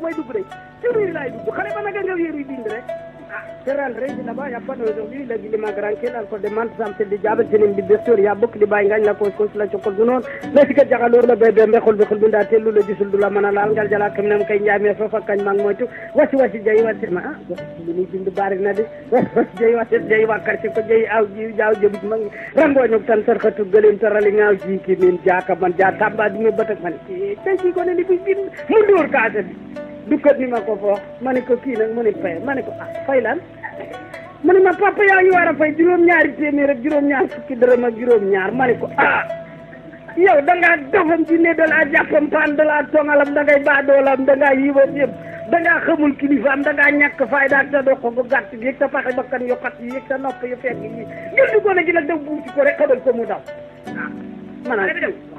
bu may dugg rek ci biir laay dugg xale ba nag nga wéeru bind rek te rentré là-bas y a pas d'aujourd'hui la guilima granquel encore demande samtel de jaɓel senen mbidde sor ya bokkili ɓay gañna ko kosla cokkol du noon lasika jahalorno ɓeɓe mbekol ɓe kolɓinda telluɗo jisuldula mana laal ngal jala kamnam kay jaami fofa kañ mang moytu wasi wasi jeyi wattema a ah, mini binde barinade wasi wasi jeyi watet jeyi wakkarsi ko jeyi aw jiw jaw joɓit mang rangoñok tan sarka tuggalen tarali ngaw jiiki min jaka man ja taɓɓa ɗumen batak man eh, tayki konene ɓi ɓin mundoor kaasadi dukkat ni ma ko fo ma ne ko kii nag mu ne fay ma ne ko ah fay lan mu ne ma papa yaa ngi war a fay juróom ñaari téeméer ak juróom ñaar fukki dërëm ak juróom ñaar ma ne ko ah yow da ngaa dofam ci ne da laa jàppam paan da laa tongalam da ngay baadoolam da ngaa yiwam yëpp da ngaa xamul kilifaam da ngaa ñàkk fayda ak sa dox bu gàtt bi ak sa faxe bakkan yu xat yi ak sa nopp yu fekk yi gëndu ko ne gi nag da ci ko rek xamal ko mu daw ah, mana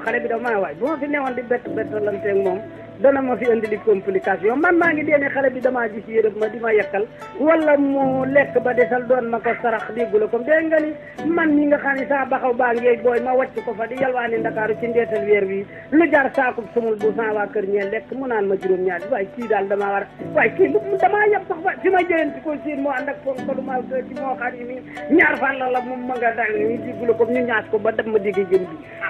xale bi daw mana waay bu ma fi newoon di bett bettalante ak moom dana ma fi andi complication man ma ngi dene xale bi damaa gis yërëb ma dima yakal wala mo lek ba desal don mako sarax déggula ko de nga ni man mi nga xani sa baxaw ba ngey boy ma wacc ko fa di yalwani ndakaaru ci ndetal wer wi lu jar saakub sumul bu sa wa keur ñee lek mu naan ma juroom ñaar way ki dal dama war way ki lu damaa yab sax fi ma ci ko siin mo andak ko ko lu ma ci mo xari mi ñaar fan la la mu ma nga dal ni déggula ko ñu ñaas ko ba dem ma digg jëm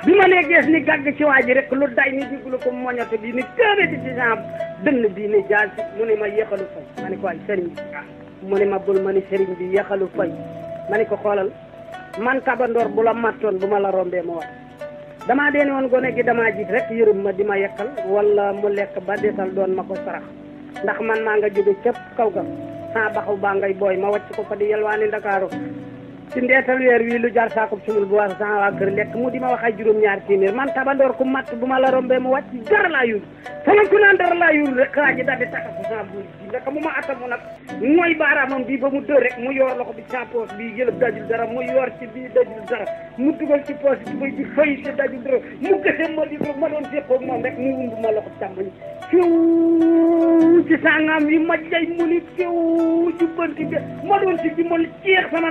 bi bima ne nee ni gàgg ci waji rek lu day ni déggula ko moñata bi ni kër rëbëti ci genre dënn bii ne jaar mu ne ma yéexalu fay ma ne ko ay sëriñ bi mu ne ma bul ma ni sëriñ bi yéexalu fay ma ne ko xoolal man kabandoor bu la mattoon bu ma la rombee ma wax damaa dee woon gone gi damaa jiit rek yërëm ma di ma yekkal wala mu lekk ba desal doon ma ko sarax ndax man maa nga jóge cëpp kaw ga ba xaw baa ngay booy ma wàcc ko fa di yelwaani Ndakaaru ci ndeetal weer wi lu jar saakub sumul bu wax sama waa kër lekk ma wax ay juróom ñaar téeméer man tabandoor ku matt bu la rombee mu wàcc dara laa yur sama ku naan dara laa yur rek laa ji daal di takk sama buur ji ndaka mu ma atamu nag mooy baaraamam bi ba mu dër rek mu yor loxo bi sa poos bi yëlëb dajul dara mu yor ci bii dajul dara mu dugal ci poos bi bay di fay te dajul dara mu ma di ma rek mu ma loxo ci sangam yi ma mu ni ci bi ma ci sama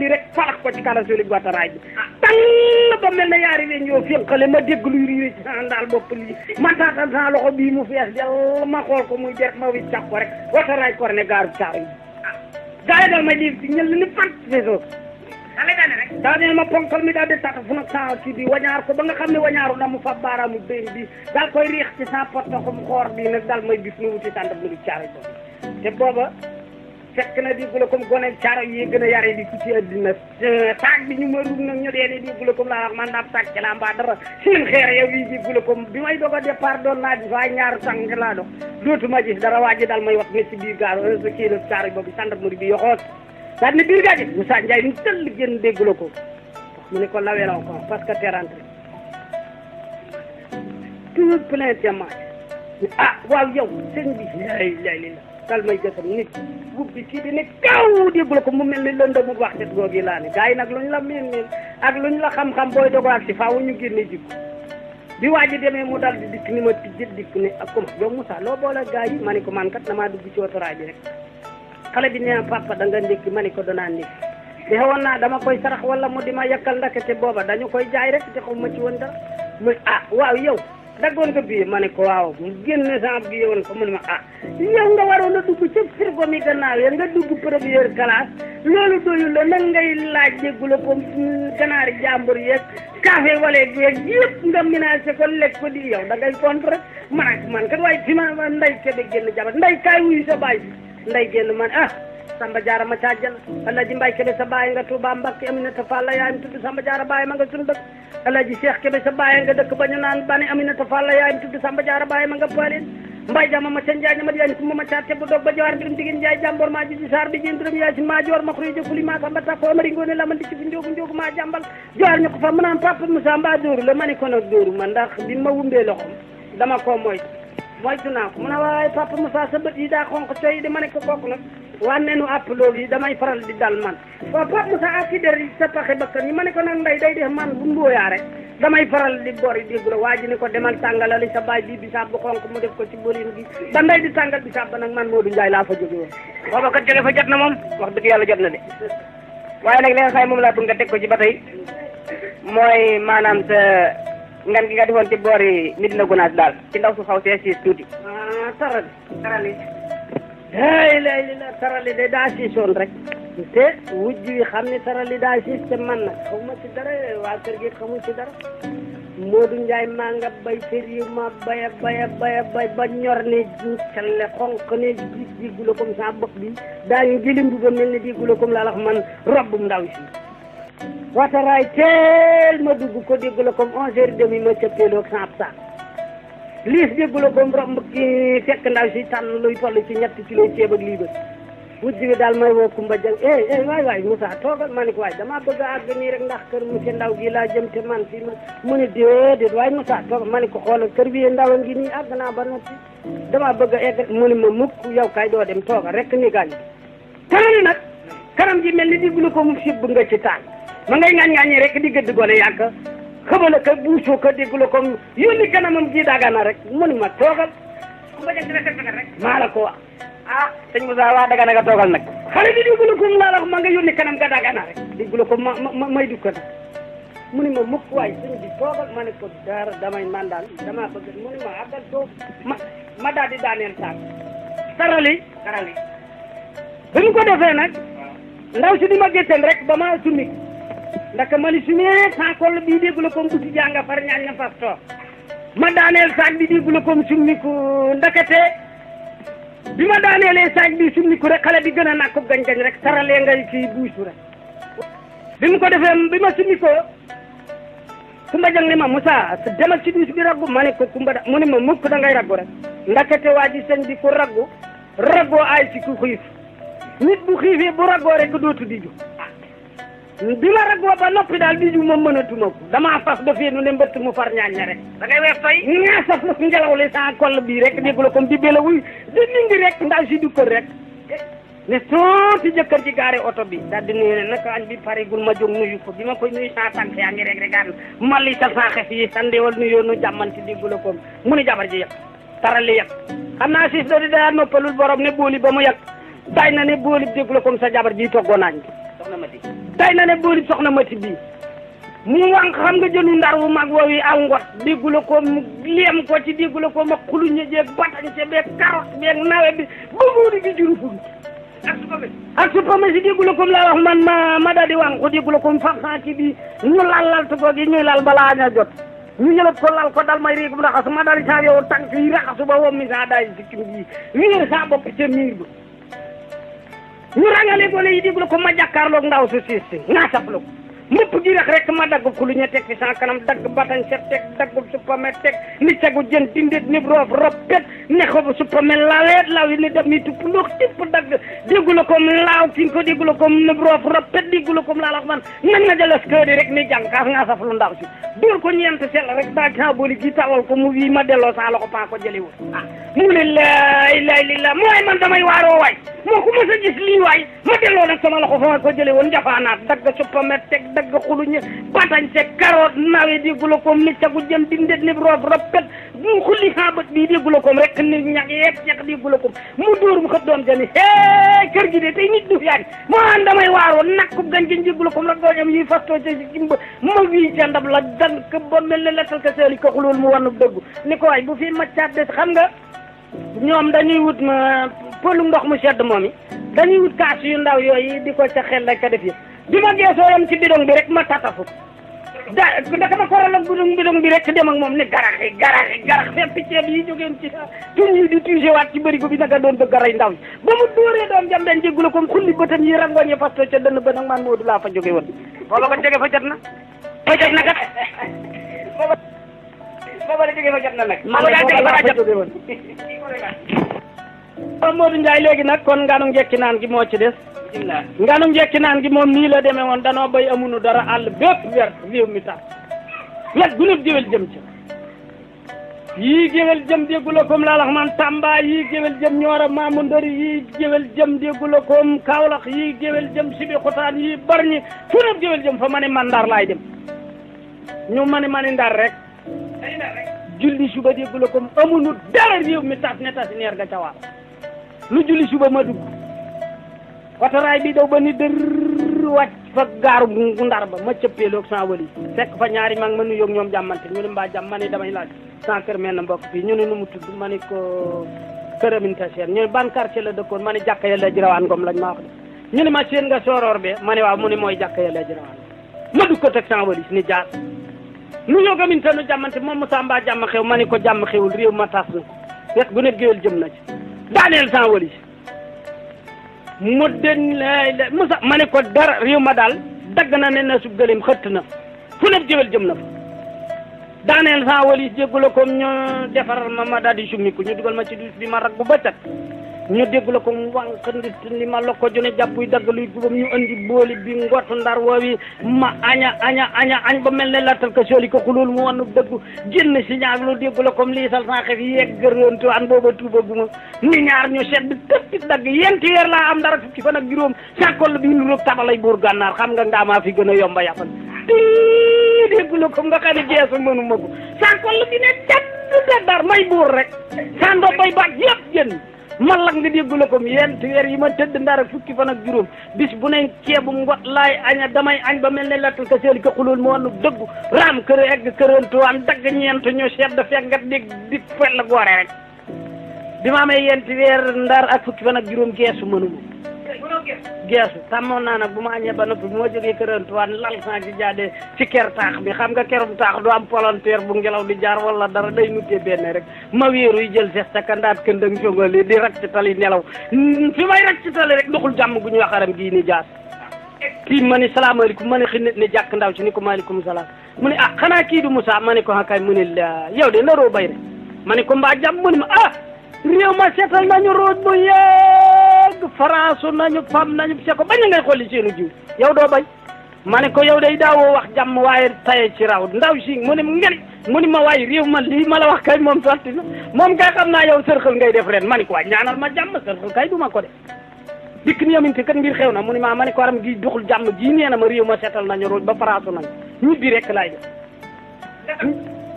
li rek rek falax ko ci karasoli Ouattara ji tall ba mel na yaari weñ yoo fénqale ma dégg luy riiri ci daal bopp lii man taatal saa loxo bii mu fees dell ma xool ko muy def ma wit càq ko rek Ouattara kor ne gaaru caaro yi gaa yi daal ma di ñël ni fant feesoo daaneel ma ponkal mi daal di tata fu nag saa kii bi wañaar ko ba nga xam ne wañaaru na mu fa baaraamu béy bi daal koy riix ci saa porte xum xoor bi nag daal may bis mu wuti tànn bu caaro yi te booba fekk na di gula comme gone caro yi gëna yaré di ci adina tak bi ñu mëru nak ñu dene di gula comme la wax man dab tak ci la mba dara seen xéer yow yi di gula comme bi may doga départ doon naa fa ñaar sang la do dootuma gis dara waji dal may wax ne ci biir gaar heure ci le sar bobu sandab muri bi yoxoot dal ni biir gaaji musa ndjay ñu teul gën déggulo ko mu ne ko lawé law ko parce que t'es rentré tout plein de ah waaw yow sëñ bi la ilaha illallah dal may gësam nit gub kii bi ne kaw déglu ko mu mel ni lëndëmu waxtet googi laa ne gars yi nag lu ñu la miin miin ak lu la xam-xam booy dogo ak si faaw ñu génne jikko bi waa ji demee mu dal di dikk ni ma tijji dikk ne ak ah, comme yow Moussa loo boole gaa yi ma ne ko man kat damaa dugg ci otoraay bi rek xale bi nee papa da nga ndékki ma ni ko danaa ndékki te xewoon naa dama koy sarax wala mu di ma yàkkal ndakete booba dañu koy jaay rek te xaw ma ci woon dara mu ah waaw yow daggoon nga bii ma ne ko waaw mu génne sama bii woon ko mu ne ma ah yow nga waroon a dugg ca frigo mi gannaaw ya nga dugg première classe loolu doyul la nag ngay laaj déggu la ko ganaari jàmbur yeeg café wala yeeg yëpp nga ménagé ko lekk ko di yow da ngay contre man ak man kat waaye fi ma nday kebe génn jabar nday kaay wuyu sa baay nday génn man ah Samba Diarra ma ca àjjana alaaji Mbaye Kébé sa baay nga Touba Mbacké Aminata Fall la yaayam Samba Diarra baay ma nga sunu dëkk alaaji Cheikh Kébé sa baay nga dëkk ba ñu naan bani Aminata Fall la yaayam tudd Samba Diarra baay ma nga Poaline Mbaye Jama ma ca Njaay ñama diyañ ma ca tebbu dog ba jawaar mbirum jigéen Njaay jàmboor saar bi jeen biram yaay si ma joor ma xuri jo fuli ma samba takko amari la ma jàmbal jowaar ñu ko fa ma ni ko nag moytu naa ko mu ne waaye papa Moussa sa bët yi daa xonq coy di ma ne ko kooku nag waa nenu àpp loolu damay faral di dal man waaw papa Moussa ak der yi sa paxe bakkan yi ma ko nag ndey day def man bu mbóoyaa rek damay faral di bori dégg la waa ji ne ko demal sa baay bi bisaab bu xonq mu def ko ci bërin gi ba ndey di tàngal bisaab ba nag man Modou Ndiaye laa fa jóge woon booba kat jóge fa jot na moom wax dëgg yàlla jot na de waaye nag li nga xam moom laa ko ci ba tey mooy maanaam sa ngan ki ngadi wonti nit na gunas dal ci ndaw su xaw ci Ah, tarali tarali hay lay lay tarali de da ci son rek te wujju yi xamni tarali da ci ci man xawma ci dara wa kër gi xamu ci dara modu nday ma nga bay fer yu ma bay bay bay bay ba ñor ni cialé xonk ni di gulo comme sa bok bi da ñu jëlim bu melni di gulo comme la wax man robbum ndaw ci wataray tel ma dugg ko déggula comme onze heures demi ma cëppeeloo sans sa liis déggula comme romb ki fekk ndaw si tànn luy toll ci ñetti kilo ceeb ak liibar wujj bi daal may woo kumba jang eh eh waay waay Moussa toogal ma ne ko waay damaa bëgg a àgg nii rek ndax kër monsieur ndaw gi laa jëm te man fii ma mu ne déedéet waay Moussa toogal ma ne ko xoolal kër bi ndaw ngi nii àgg naa ba noppi dama bëgg a egg mu ne ma mukk yow kay doo dem toogal rek ni gaañ kanam nag kanam ji mel ni ko mu sibb nga ci taal ma ngay ŋaññaañi rek di gëdd gone yàgg xamal ko buusoo ko déglu ko yónni kanamam ji dagana rek mënuma toogal. maa la ko wax. ah sëñ Moussa waa dagana nga toogal nag. xale bi déglu ko laa la wax ma nga yónni kanam nga dagana rek. déglu ko ma ma may mu ni ma mukk waay sëñ bi toogal ma ne ko dara damay man mu ni ma àggal toog ma ma daal di daaneel sarali bi mu ko defee nag. ndaw si di ma gétteen rek ba ma summi. ndaka mali sumee tankolle ɓi ɗe gula kom ɓuti janga par ñaña fasto ma daaneel sac bi ɗi gula kom sumniku ndakate bi ma daaneele sac bi sumniku rek xale bi gën a nakko gañ-gañ rek taralee ngay kii buusu rek bi mu ko defee bi ma sumni ko Kumba jang ni ma Moussa demal ci duus bi raggu ma ne ko Kumba da mu ne ma mukk da ngay raggu rek ndakate waa ji sëñ bi ku raggu raggoo aay ci ku xiif nit dootu bila rek bo ba nopi dal di ju ma tu ko dama fas ba fii nu ne mbëtt mu far rek da ngay wees tay nga fas na ngelaw li sa kol bi rek déggu ko comme di bela wuy di ningi rek ndaa ci du ko rek ne soti jëkkër ci garé auto bi dal di ne naka añ bi gul ma jóg nuyu ko bima koy nuyu sa tank ya ngi rek gan mali sa xef yi wal nuyu nu jamanti di gulo mu ni jabar ji taral li xamna ci do di daa noppalul borom ne boli ba mu ne boli sa jabar ji soxna Mati tey na ne boori soxna Mati bii mu wànq xam nga jëlu ndar wu mag woowu ak ngot déggu la ko mu ko ci déggu la ko ma xuluñe jeeg batañse beeg carotte beeg nawe bi ba muuri gi juru ful ak supame ak supame si déggu la ko man ma ma daal di wànq déggu la ko faxan ci bi ñu lal lal tukoo gi ñuy lal balaa ña jot ñu ñëlat ko lal ko dal may réegum raxasu ma dal saa yow tànk yi raxasu ba wom mi saa daay sikkim ji wéer saa bopp ca miir ba ñu rangale ko lay diglu ko ma jàkkaarloog ndaw su siis si naa sablu mu pugira rek ma dag ñe tek ci sa kanam dag batan ci tek dag supame tek ni tagu jeen dindet ni bro ropet ne xob leet la wi ni dem ni tup ndox tip dag degul ko law tin ko degul ko ni bro ropet degul ko la la man man na jelas ko rek ni jankar nga saf lu ndaw ci dur ko ñent sel rek da ka boli ci tawal ko mu wi ma delo sa ko pa ko jeli wu mu ne la ila ila moy man damay waro way mo ma sa gis li way ma delo nak sama ko fa ko jeli won jafana dag supame tek tagga ci patañse nawé di gulo ko ni gu jëm di ndet ni roof rapet mu xulli xaabat bi gulo ko rek ni yépp ñak di gulo ko mu door mu xët doom jani hee kër gi dé tay nit du fi yaani mo an damay waaroo nakkub gan jën dégula kom rek dooñam yi fasto ci ci kimba mo wi ci ndab la dan ke ba mel ne lettal ka seeli ko xulul mu wanu dëggu ni ko way bu fi maccaat des xam nga ñoom dañuy wut ma pëlu ndox mu sedd momi dañuy wut kaas yu ndaw yoy di diko ca xel ka def yi bima dia geesoo yam ci bidong bi rek ma tatafu da da kama koralam bidong bidong bi rek dem ak moom ne garaxe garaxe garax fépp ceeb yi jógeen ci tun yi di tuuse waat ci bërigo bi ndaw ba mu jam den jéggula kom xulli bëtam yi rangoon yi fasto ca dënn ba nag man moodu laa fa jóge woon booba ko jóge fa jot na fa jot na kat fa jot na fa jot moo Modou Ndiaye léegi nag kon nganu njekki naan gi moo ci des nganu njekki naan gi moom nii la demee woon danoo bay amunu dara àll bépp wer réew mi tax wet gunub géwél jëm ci yii géwél jëm déggula koom laalaxmaan Tamba yii géwél jëm Nioro Maamu Ndori yii géwél jëm déggula koom Kaolack yii géwél jëm Sébikotane yii Bargny fu nab géwél jëm fa ma ne man Ndar laay dem ñu ma ne ma ne Ndar rek julli suba déggula koom amunu dara réew mi tas ne tasi neer ga cawaar lu julli suba ma dugg wataraay bi daw ba ni dër wàcc fa gaaru bu ba ma cëppeeloog sans wali fekk fa ñaari mag ma nuyoog ñoom jàmmante ñu ne mbaa jàmm ma ne damay laaj sans kër mel na mbokk fii ñu ne nu mu tudd ma ne ko këraminta seen ñu ne ban quartier la dëkkoon ma ne jàkka yàlla jirawaan ngom lañ ma wax de ñu ne ma seen nga sooroor be ma ne waaw mu ne mooy jàkka yàlla jirawaan ma dugg ko teg sans wali ni jaar nu ñoo gaminta nu jàmmante moom Moussa Mba jàmm xew ma ne ko jàmm xewul ma tas na fekk bu ne Daniel Sanwóoli mu den Moussa ma ne ko dara réew ma daal dagg na ne na su gëlim xëtt na fu ne jëwel jëm na fa Daniel Sanwóoli jéggula ko ñu defaral ma ma daal di summi ñu dugal ma ci duus bi ma rag bu bëccëg ñu dia ko mu wankandi ni ma lako jone jappuy dag luy juróom ñu andi boli bi ngot ndar woowi ma aña aña aña añ ba melne ne lattal ka sooli ko kulul mu wonu dëgg genn ci ñaar lu dégg ko comme sal sax xef yegg rëntu an bobo tuba guma ni ñaar ñu sedd tepp dag yent yer la am dara fukki fan ak juróom sàkkol bi ñu rëb tabalay bur gannar xam nga ndama fi gëna yomba yafal dégg ko nga jéssu mënu ko bi ne dag dar may bur rek sando bay ba yépp genn man lak nga déggu la ko yent weer yi ma tëdd ndar ak fukki fan ak juróom bis bu ne ceebu ngot laay aña damay añ ba mel ne lettal ka seeli ka xulool mo wàllu dëgg raam kër egg am dagg ñeent ñoo seet da fekk nga dégg bi fel la goore rek bi ma amee yent weer ndar ak fukki fan ak juróom geesu mënuma geesu tàmmoon naa nag bu ma añee ba noppi bu ma jógee kërantuwaan lal saa ci jaadee ci ker taax bi xam nga kerum taax du am volontaire bu ngelaw di jaar wala dara day nuttee benn rek ma wéeru yi jël ses sa kandaat këndëng songali di rak ci tali nelaw mm, fi may rak ci tali rek doxul jàmm gu ñu waxaram gii ni jaas kii ma ni salaamaaleykum ma ne xi nit ni jàkk ndaw ci ni ko maaleykum salaam mu ne ah xanaa kii du Moussa ma ne ko xakaay ah, mu ne la yow de naroo bay rek ma ne ko réew ma seetal nañu root bu yàgg France nañu fam nañu seko bañ ngay xooli seenu jiw yow doo bay ma ne ko yow day daawoo wax jàmm waaye taye ci raw ndaw si mu ne ngeen mu ne ma waay réew ma lii ma la wax kay moom salti na moom kay xam naa yow sërxal ngay def ren ma ne ko waay ma jàmm sërxal kay ma ko def dikk ni yaminte kat mbir xew na mu ne maa ma ne ko waram gi duxul jàmm gi nee na ma réew ma seetal nañu rooj ba faraasu nañu ñibbi rek laay def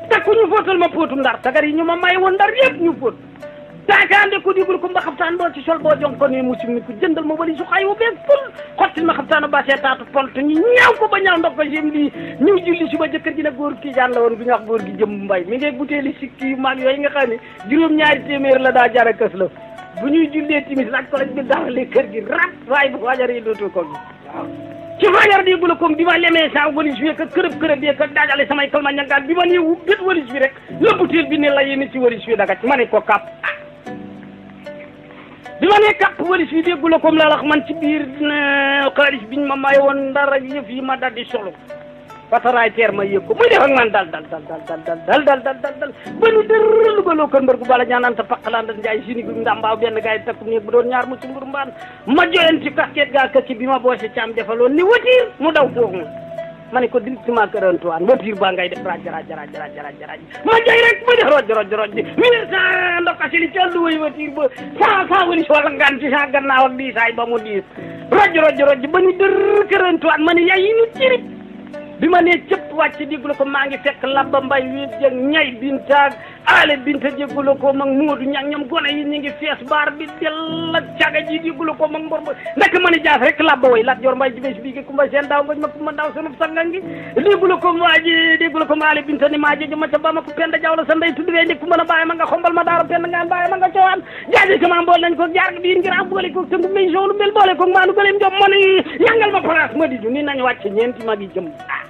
takku ñu fóotal ma yi ñu ma may woon ndar yëpp taagaande ko digul ko mba xabtaan ɗo ci sol boo jon ko ni musidmi jëndal ma wali so xay wo ɓee ful xottin ma xabtaan o basee taatu ponto ñi ñaaw ko ba ñaaw ndog ko jëm lii ñëw julli suba jëkkër ji ne góor ki jaan la woon bi ñu wax góor gi jëm mbay mi ngay buteeli sikki maag yooyu nga xam waaye bu fajar yi dootu ko gi ci fajar di bula bi ma lemee saa walis bi ka kërëb kërëb bi ka daajale samay kalma ñangaan bi ma nee bét walis bi rek la butéel bi ne la yéen ci walis bi dagat ma ne ko kàpp bi ma nee kàpp walis yi déggu la comme laalax man ci biir bi biñ ma ma woon ndara yëf yi ma da di solo fataraay teer ma yëg ko muy def ak man dal dal dal dal dal dal dal dal dal dal dal ba nu dërëlu ba loo kër mbër gu bala ñaananta paqalandat njaay sini bi ndambaaw benn gaa yi takku néeg bu doon ñaar mu ci mbur mbaan ma joyanti kasket gaa kakki bi ma boose caam defaloon ni watiir mu daw toog ma ma ne ko di ci ma kër Antoine voiture ba ngay def raj raj raj raj raj raj ma jay rek ma def roj roj roj mille cent ndokkasi li ci ëllu way voiture ba cent cent wëlis wala ngan ci sa gannaaw ak ba mu diis roj roj roj ba ni dër kër Antoine ma ne yaay yi ñu cirib bi ma nee cëpp wàcc diglu ko maa ngi fekk labba mbay wi jeg ñay bin taag ale binte jeggulo ko mak modou ñang ñam gona yi ñi ngi fess bar bi del ciaga ji jeggulo ko mak mborbo nak man jaas rek la boy lat jor mbay jibes bi ku mbay sen daw ngoj makku man daw sunu sangangi deggulo ko waji deggulo ko male binte ni ma jeje ma ta bama ko penda jawla sa ndey tuddu way ndek man baye ma nga xombal ma daara penda nga baye ma nga ciowam jaaje ko ma mbol nañ ko jaar bi ngir am bolé ko mu may jolu mel bolé ko manu golem ndom man ñangal ma place ma di ju ni nañ wacc ñenti gi jëm ah,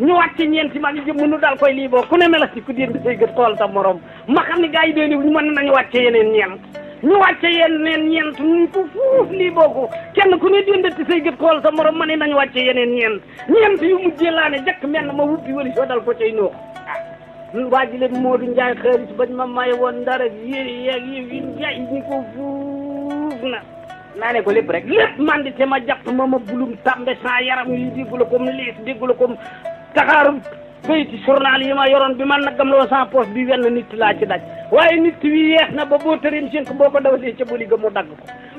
ñu wacc ñenti gi jëm nu dal koy li bo ku ne melati ku dir bi sey gët tol tam morom ma xam ne gars yi dee ñu mën nañu wàcce yeneen ñeent ñu wàcce yeneen ñeent ñu ko fuuf lii booku kenn ku ne dendati say gët xool sa morom ma ne nañu wàcce yeneen ñeent ñeent yu mujjee laa ne jakk mel na ma wuppi wali soo dal ko cay noox ah. waa ji leen Modou Ndiaye xaalis bañ ma may woon dara yéen yeeg yi Ndiaye ñu ko fuuf na naa ko lépp rek lépp man di te ma jàpp ma ma bulum tàmbe sans yaram yi déggu la comme liis déggu la comme taxaarum këyiti journal yi ma yoroon bi ma nagam loo sans poste bi wenn nit laa ci daj waaye nit wi yeex na ba boo tërim sink boo ko dawalee ca bëli ga mu dagg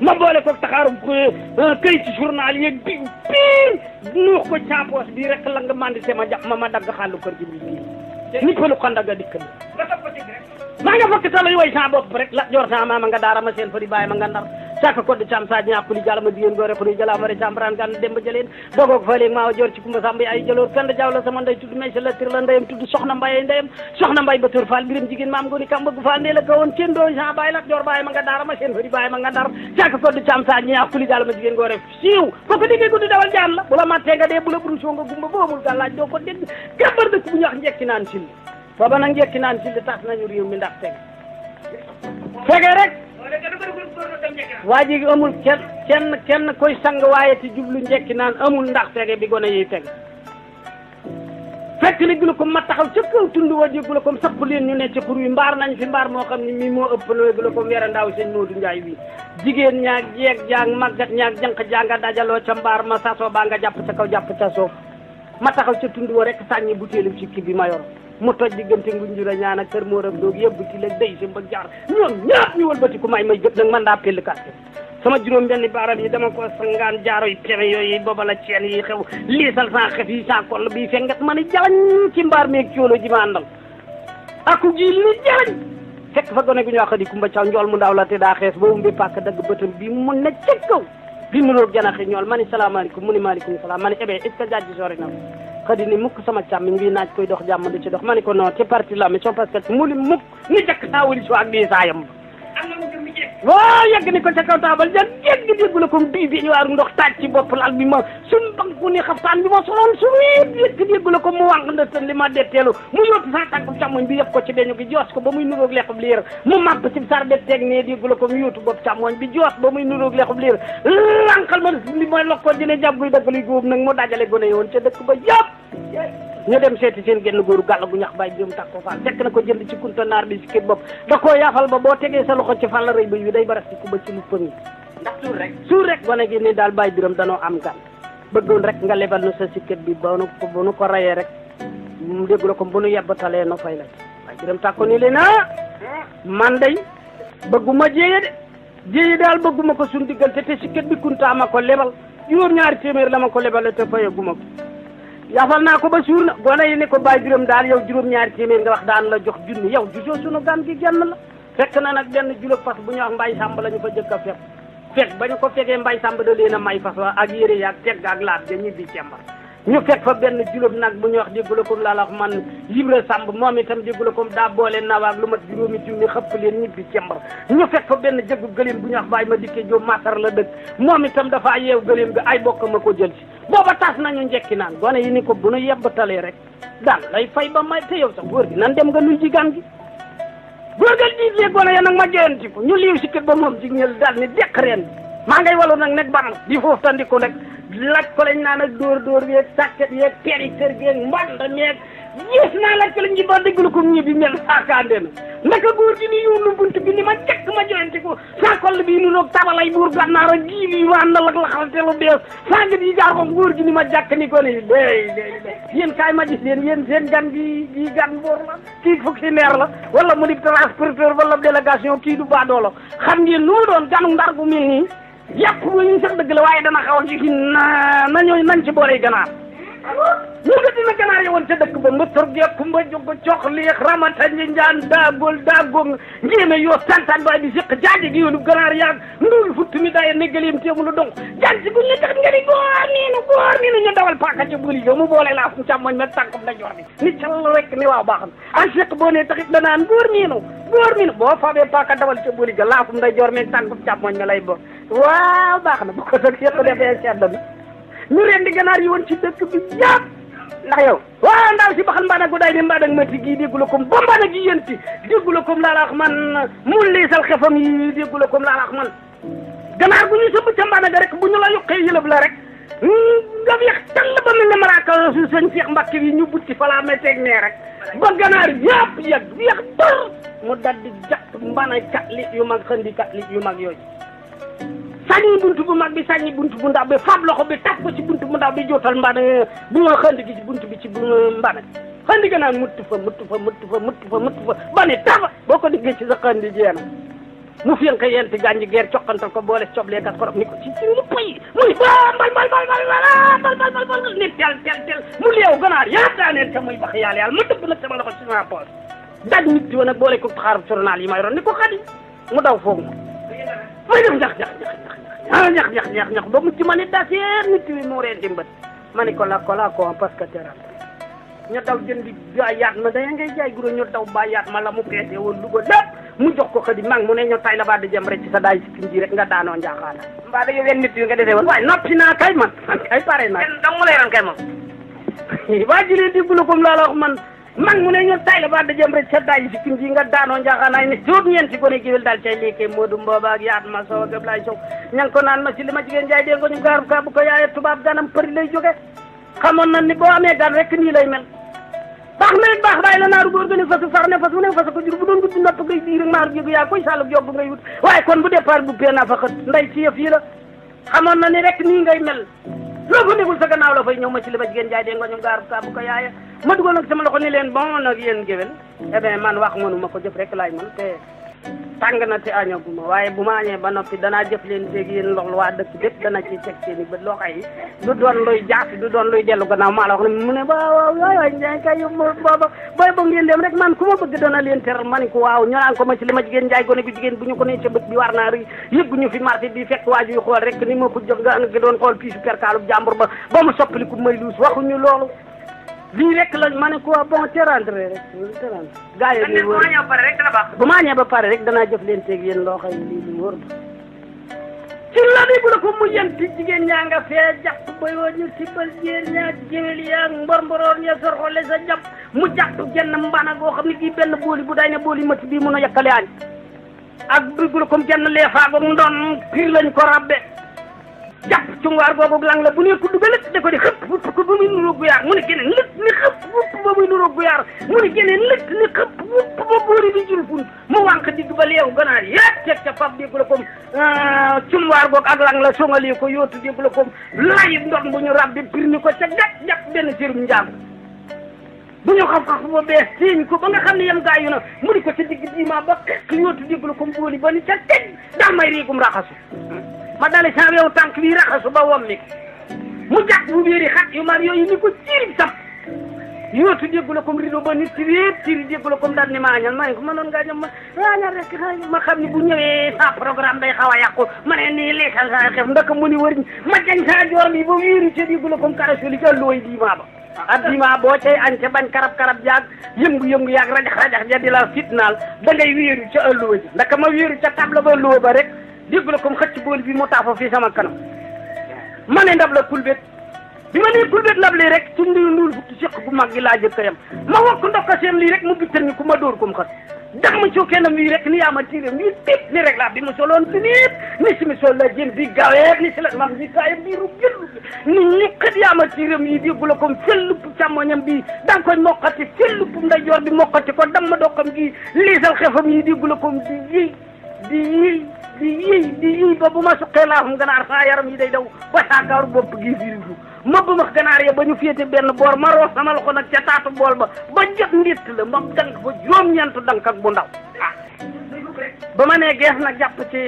ma boole ko taxaarum këyiti eh, eh, journal yeeg bi piir nuux ko sans poste bii rek la nga mandité ma jàpp ma ma dagg xàllu kër gi bi bii nit fa lu a dikk na maa nga fakk tala way sans bopp rek la jor sans maama nga daara ma seen fa di ma nga ndar sak ko saka goɗɗo jam saji hakkude jalma diyen gore pour jalamare jamran ganda demba jalen dogo ko fele ma o jor kumba sambe ay jalor kanda jawla sama ndey tuddu la tir la ndayem tuddu soxna mbaye ndayem soxna mbaye ba bator fal mbirim jigen mam goni kamba gu faal ndela gawon cendo jean baye lat jor baye ma nga dara ma sen hori baye ma nga dar sak gandara saka goɗɗo jam saji hakkude jalma jigin gore siw ko ko liggey gudde dawal janla bula matte nga de bula buru songo gumba bo bomul gallaji do ko den gabbar de ku ñu wax njekkinaan silli booba nag njekkinaan silli tas nañu réew mi ndax tege tege rek waa ji amul kenn kenn koy sang waaye te jublu njekki naan amul ndax tege bi gone yi teg fekk li gula kom ma taxaw ca kaw tund wa ji gula kom sapp leen ñu ne ca xur wi mbaar nañ fi mbaar moo xam ne mii moo ëpp looy gula kom wera ndaaw sëñ Moodu Njaay wi jigéen ñaag jeeg jaag màggat ñaag jànq janga dajaloo ca mbaar ma sasoo baa nga jàpp ca kaw jàpp ca suuf ma taxaw ca tund wa rek sànni butéelu ci kii ma yor mu toj diggante Ngunjura ñaan ak kër Mor ak doog yëpp ci a day si ba jaar ñoom ñaar ñu wëlbati ku may may gëp nag man daa pell kàtt sama juróom benn baaram yi dama ko sangaan jaaro yi peme yooyu booba la ceen yi xew liisal san xef yi san koll bi fengat ma ni jalañ ci mbaar meeg cóolo ji ma àndal aku gi li jalañ fekk fa gone gu ñu wax di kumba caw njool mu ndaw la te daa xees boobu mbi pàkk dagg bëtam bi mun na ci kaw bi mënoo ma ni ma ni ebe est xadi ni mukk sama càmmiñ wi naaj koy dox jàmm di ci dox ma ne ko non ci parti la mission parce que mu mukk ni jakk taawuli so ak di saayam waaw yegg ni ko ca kaw taabal jan yegg dégg la comme bii bi waaru ndox taaj bopp laal bi ma suñ banku ni xaftaan bi ma soloon suñu yegg dégg la ko mu wànq nda tan li ma detteelu mu yóotu saa tànk càmmoñ bi yëpp ko ci deñu gi joos ko ba muy nuróog leexub liir mu màpp ci sar de teeg ne dégg la ko mu yóotu bopp càmmoñ bi joos ba muy nuróog leexub liir lànqal ma li mooy lokkoon dina jàpp guy dagg luy góob nag mu dajale gone yoon ca dëkk ba yëpp ñu dem seeti seen genn góoru gàll bu ñax bay jëm takko ko faal fekk na ko jënd ci kunta naar di sikki bopp da koo yaafal ba boo tegee sa loxo ci fàll rëy ba yu day baras ci ku ba ci lu pëmi ndax suur rek suur rek gone gi ni daal bàyyi biram danoo am gan bëggoon rek nga lebal nu sa sikket bi ba nu ko bu nu ko rayee rek mu dégg la ko bu nu yebbatalee no fay la waaye biram takko ni leen ah man day bëgguma jéeye de jéeye daal bëgguma ko sun diggante te sikket bi kuntaama ko lebal juróom ñaari téeméer la ma ko lebal te fayaguma ko yafal naa ko ba suur na gone yi ne ko bàyyi juróom daal yow juróom-ñaari téeméer nga wax daan la jox junni yow gisoo sunu gan gi genn la fekk na nag benn julog fas bu ñuy wax mbay sàmb la ñu fa jëkk a fekk fekk ba ñu ko fekkee mbay sàmb da leen a may fas wa ak yére yaag tegg ak laat ga ñibbi cembar ñu fekk fa benn juróom nag bu ñu wax déggu la comme laa la wax man Ibra Samb moom itam déggu la comme daa boole nawaag lu mat juróomi junni xëpp leen ñibbi cembar ñu fekk fa benn jëggu gëléem bu ñuy wax bàyyi ma dikkee Jóob Masar la dëkk moom itam dafa yeew gëléem bi ay bokk ma ko jël si booba tas nañu njekki naan gone yi ni ko bu nu yebb talee rek daan lay fay ba may yow sax góor gi nan dem nga luy ji gan gi góor gi diit lee gone ya nag ko si kër ba moom ci ñël daal ni dekk reen maa ngay walu nag nekk bam di foofu tandiku rek laaj ko lañ naan ak dóor dóor yeeg sàkket yeeg peri kër geeg mband meeg naa laaj ko lañ ji ba déglu ko ñi bi mel saakaande na naka góor gi ni yiw nu bunt bi ni ma cakk ma joyante ko saakol bii nu noog tabalay buur gànnaar a gii lii waan na lak laxalte lu bees sangat yi jaar ko góor gi ni ma jàkk ni ko ni day day day yéen kaay ma gis leen yéen seen gan gi gan boor la kii fukki neer la wala mu di transporteur wala délégation kii du baadoo la xam ngeen nu doon ganu ndar gu mel yàpp lu ñu sax dëgg la waaye dana xaw a ci nañu nañ ci boole ganaar ñu ko dina ganaar yi woon ca dëkk ba nga sorg ya kumba jóg cox liix ramata ñi njaan daagol daagong njéeme yoo santaan baay bi siq jaaje gi yoonu ganaar yaag ndul futt mi daye néggalim téemu lu dong jaan si guñ la tax nga ni góor nii ñu dawal paaka ca bëli yow mu boole laa fu càmmoñ ma tànkom na jox bi ni cal rek ni waaw baaxam a siq boo ne taxit danaan góor nii nu góor nii nu boo fabee paaka dawal ca bëli ga laa fu nday joor meeg tànkom càmmoñ ma lay ñu rendi ganaar yi woon ci dëkk bi yàpp ndax yaw waa ndaw si baxal mbaa nag bu day ne mbaa nag ma ti gii déggu la kom ba mbaa nag yi yéen ti la kom laa la wax man mun lii sal xefam yi déggu la kom laa la wax man ganaar bu ñu sëbb ca mbaa nag rek bu ñu la yokkee yëlëb la rek nga weex tàll ba mel ne maraaka su sëñ Seex Mbàkke yi ñu butti falaa may teeg nee rek ba ganaar yàpp yàgg weex tor mu daldi jàpp mbaa nag kat lit yu mag xëndi kat lit yu mag yooyu sànni buntu bu mag bi sànni buntu bu ndaw bi fab loxo bi taf ko ci buntu bu ndaw bi jootal mbaana bu ma xënd gi ci buntu bi ci bu mbaana xënd ga naan mutt fa mutt fa mutt fa mutt fa mutt fa ba ne boo ko déggee ci sa xënd jeena mu fiyan ko yenti gànji geer cokkantal ko boole coblee kat korop ni ko ci ci mu pay muy ba mbal mbal mbal mbal mbal mbal mbal mbal ni tel tel tel mu leew ganaar yaataaneen te muy bax yàlla yàlla ma dëpp nag sama loxo ci sama ko xaar journal yi ma yoroon ni ko xadi mu daw foofu fooy def ñax ñax ñax ñax ba mujj ma ne daseer nit mu reen di mbët ma ne ko la ko la ko parce que teral ñu daw jëndi yaat ma daya ngay jaay guro ñu ma la mu peese woon lu ko lépp mu jox ko xëdi mag mu ne ñu tay la ba di jëm rek sa daay si rek nga daanoo njaaxaana mbaa da yow yenn nit wi nga defee woon waaye noppi naa kay man man kay pare naa kenn dong ran kay moom waa ji ne dimbali comme laa la man mu ne ñun tay la ba da jëm rek sa daay si kin ji nga daanoo njaxanaay ne juróom ñeenti gone géwél daal cay léegi Modou Mboba yaat ma sow ak Ablaye Sow ña ko naan ma si li ma jigéen jaay dee ko ñu gaaru ka bu ko tubaab ganam përi lay jóge xamoon na ni boo amee gan rek nii lay mel baax na it baax la naaru góor gën a fasu far ne fas ko jur bu doon gudd nopp ngay biir naaru jégu yaa koy saalub yobbu ngay wut waaye kon bu départ bu pee na ni nii ngay loo ko nekkul sa gannaaw la fay ñëw ma ci li ba jigéen jaay dee nga ñu gaar saa bu ko yaaya ma dugal ni leen bon nag en géwél eh bien man wax mënu ma ko jëf rek laay mën te tàng na te añaguma waaye bu ma añee ba noppi danaa jëf leen dégg yéen loolu waa dëkk bépp dana ci teg seen i bët loxo yi du doon luy jaasi du doon luy dellu gannaaw maa la wax ne mu ne waaw waaw waay Njaay kay booba booy ba ngeen dem rek man ku ma bëgg dana leen ter ma ne ko waaw ñu naan ko ma ci li ma jigéen Njaay gone gu jigéen bu ñu ko nee ca bët bi war naa rëy yëgguñu fi marché bi fekk waaju yu xool rek ni ma ko jox nga doon xool piisu perkaalub jàmbur ba ba mu soppaliku may luus waxuñu loolu lii rek la ma ne ko bon te rentre rek te rentre gaa yi lii wóor bu pare rek dana baax bu maa ñëw ba pare rek danaa jëf leen teeg yéen loo xam lii lu wóor ci la ni bu la ko mu yenti jigéen ñaa nga fee jàpp bay woo ñu sibbal jéer ñaa jéwél yaa mbor mboroon ya sor xolle sa jàpp mu jàpp genn mbana goo xam ne kii benn bu day ne booli mati bii mun a ak bu ko genn leefaago ndon piir lañ ko rabbe jàpp cungaar googu lang la bu ne ko dugal da ko di xëpp wupp ko ba muy nuróo guyaar mu ne geneen lëkk ni xëpp wupp ba muy nuróo guyaar mu ne geneen lëkk ni xëpp wupp ba boori bi jul mu wànq digg ba leew ganaar yépp ca fab dégg la kom googu ak lang la songali ko yóotu dégg la kom layib ndox bu ñu rabbi bir ni ko ca gat jàpp benn sérum njaam bu ñu xam-xam ba bees séen ko ba nga xam ne yem gaa yu na mu di ko ca digg diima ba xeq yóotu dégg la kom ma dale saa weewu tànk bii raxasu ba wom mi mu jàpp bu wéeri xat yu mar yooyu ni ko ciirib sap yootu déggu la comme rido ba nit ci wéet ciri déggu la comme daal ne ma añal ma ne ko mënoon ngaa ñëw ma añal rek ma xam ne bu ñëwee sa programme day xaw a yàqu ma ne nii leesal saa xef ndaka mu ni wëriñ ma jañ saa joor mi ba wéeri ca déggu la comme karasoli ca looy diima ba ab diima boo cay añ ca bañ karab-karab jaag yëngu-yëngu yaag rajax rajax ja di la fitnaal da ngay wéeru ca alluwa ji ndaka ma wéeru ca table ba alluwa ba rek dégg la comme xëcc bool bi mu taafoo fii sama kanam ma ne ndab la kulbet bi ma nee kulbet ndab lii rek suñ nuyu nuul fukki séq bu mag gi laa jëkk yam ma wokk ndox lii rek mu bittan ku ma dóor kom xas ndax ma cookee nam yi rek ni yaa ma tiire nii tip ni rek laa bi ma soloon bi niip bi gaweer ni silat bi kaayam bi ru gëllu ni ni xët yaa ma tiiram yi déggu la comme fellup càmmoñam bi da nga koy mokkati fellup ndeyjoor bi mokkati ko dam ma doxam gi liisal xefam yi déggu la comme di yiy di yëy di yëy ba bu ma suqee laafum ganaar saa yaram yi day daw ba saakaaru bopp gi firitu mëbb ma ganaar ya ba ñu féete benn boor ma roos sama loxo nag ca taatu bool ba ba jot nditt la ma dank ba juróom-ñeent dank ak bu ndaw ah ba ma nee gees nag jàpp ci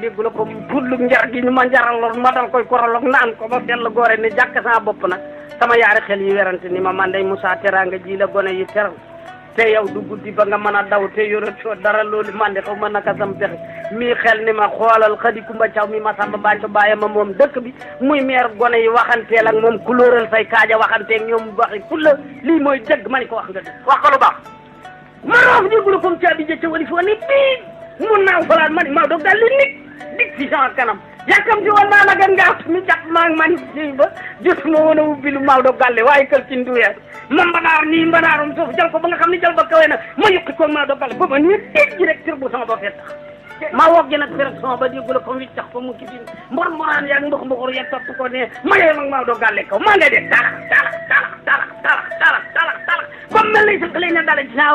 déggu la ko pudlu njar gi ñu ma njaraloon ma dal koy koroloog naan ko ba sell goore ne jàkk saa bopp nag sama yaari xel yi werante ni ma man day Moussa teraanga ji la gone yi teral te yow du guddi ba nga mën a daw te yoratoo dara loolu man de xaw ma naka mi xel ni ma xoolal xadi kumba caw mi ma samba bàcco bàyyam moom dëkk bi muy meer gone yi waxanteel ak moom kulóoral say kaaja waxanteeg ñoom waxi kulla lii mooy dëgg ma ni ko wax nga dëgg wax ko lu baax ma roof gulu kum caabi jëcce wali foo ni bii mun naa falaat ma ni maa dog daal li nit dik ci sama kanam yakam ci won mama gan nga mi japp ma man ci ba jëf mo wona ubbi lu maw do galle waye kal ci ndu ma mbanaar ni banarum suuf jël ko ba nga xamni jël ba kawé na ma yukki ko ma do galle ba ma ni tegg rek tir bu sama ba maa wog gi nag direction ba déggu la comme tax fa mu kii bi mbor mboraan yaag mbox mboxur yaag topp ko ne ma yee mag maa doog gàlle kaw maa ngay def talax talax talax talax talax talax talax mel lay sënk lay ne dale ci saa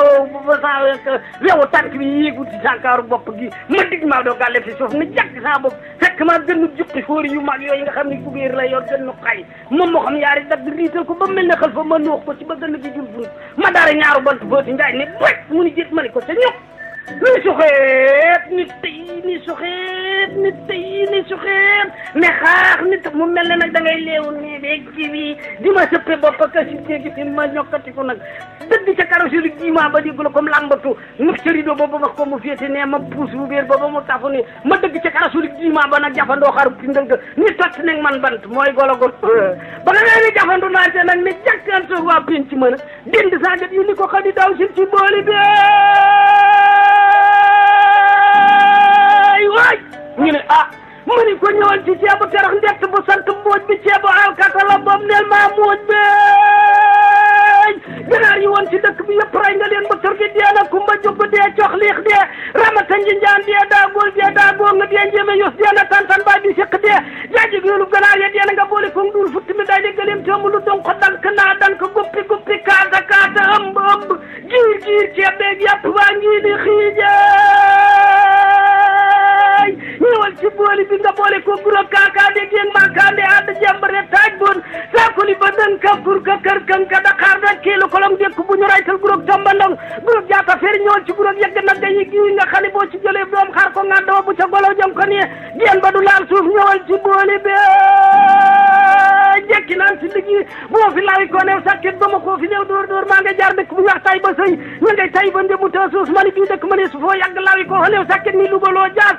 saa weewu tànk bi yéegu ci sànkaaru bopp gi ma dig maa doog gàlle fi suuf ni jàkk saa bopp fekk maa gënnu jukki fóori yu mag yooyu nga xam ne gubéer la yor gënnu xay moom moo xam yaari dagg riital ko ba mel ne xel fa ma nuux ko ci ba gën a gi jul ma daara ñaaru bant booti njaay ne boy mu ni jéet ko nisuxeet nit tey nisuxeet nit ni nisuxeet ne xaax nit mu mel ne nag da ngay leewu nii beeg ci bi di ma sëppe bopp ka si teegi fi ma ñokkati ko nag tëdd ca carrosserie jiima ba ba ba ma ko mu féete ne ma puus bu biir ba ba mu tafu ni ma dëgg ca carrosserie jiima ba nag jafandoo xaru pindal ga ni tot nag man bant mooy gologol ba nga nee ni jafandu naante nag ni jàkkantoog waa pénc mën a dind saa gat yu ni ko xadi daaw sin ci booli bi waay ñu a ah mu ni ko ñëwal ci ceebu terax ndett bu sant mbooj bi ceebu alkata la boom neel maa mbooj beeñ ganaar yi woon ci dëkk bi yëpp ray nga leen gi dee kumba jub dee cox liix dee ramata njinjaan dee daagool dee daagoo nga dee njéeme yos dee na tantan baay bi siq dee jaaji géelu ganaar ya dee na nga boole ko nduur futti mi day de gëleem teemu lu donko dank naa dank guppi guppi kaata kaata ëmb ëmb giir giir ceeb beeg yàpp waa ngi xiijee tay ñëwal ci booli bi nga boole ko guro kaakaande geen maakaande ànd jàmbare taaj bon saakuli ba nan ka pour ka kër kan ka daqaar da keelu kolong dekk bu ñu raytal guro tambandong guro jaata fer ñool ci guro yegg nag dañu giwi nga xali boo ci jëlee doom xaar ko nga doo bu ca golo jam ko ni geen ba du laal suuf ñëwal ci booli bi jekki naan ci diggi boo fi lawi ko neew sàkket dama koo fi neew dóor dóor maa nga jaar dëkk bu wax tay ba sëy ñu ngay tay ba ndemu tësuus mani bii dëkk ma su foo yàgg lawi ko neew sàkket ni lugaloo jaar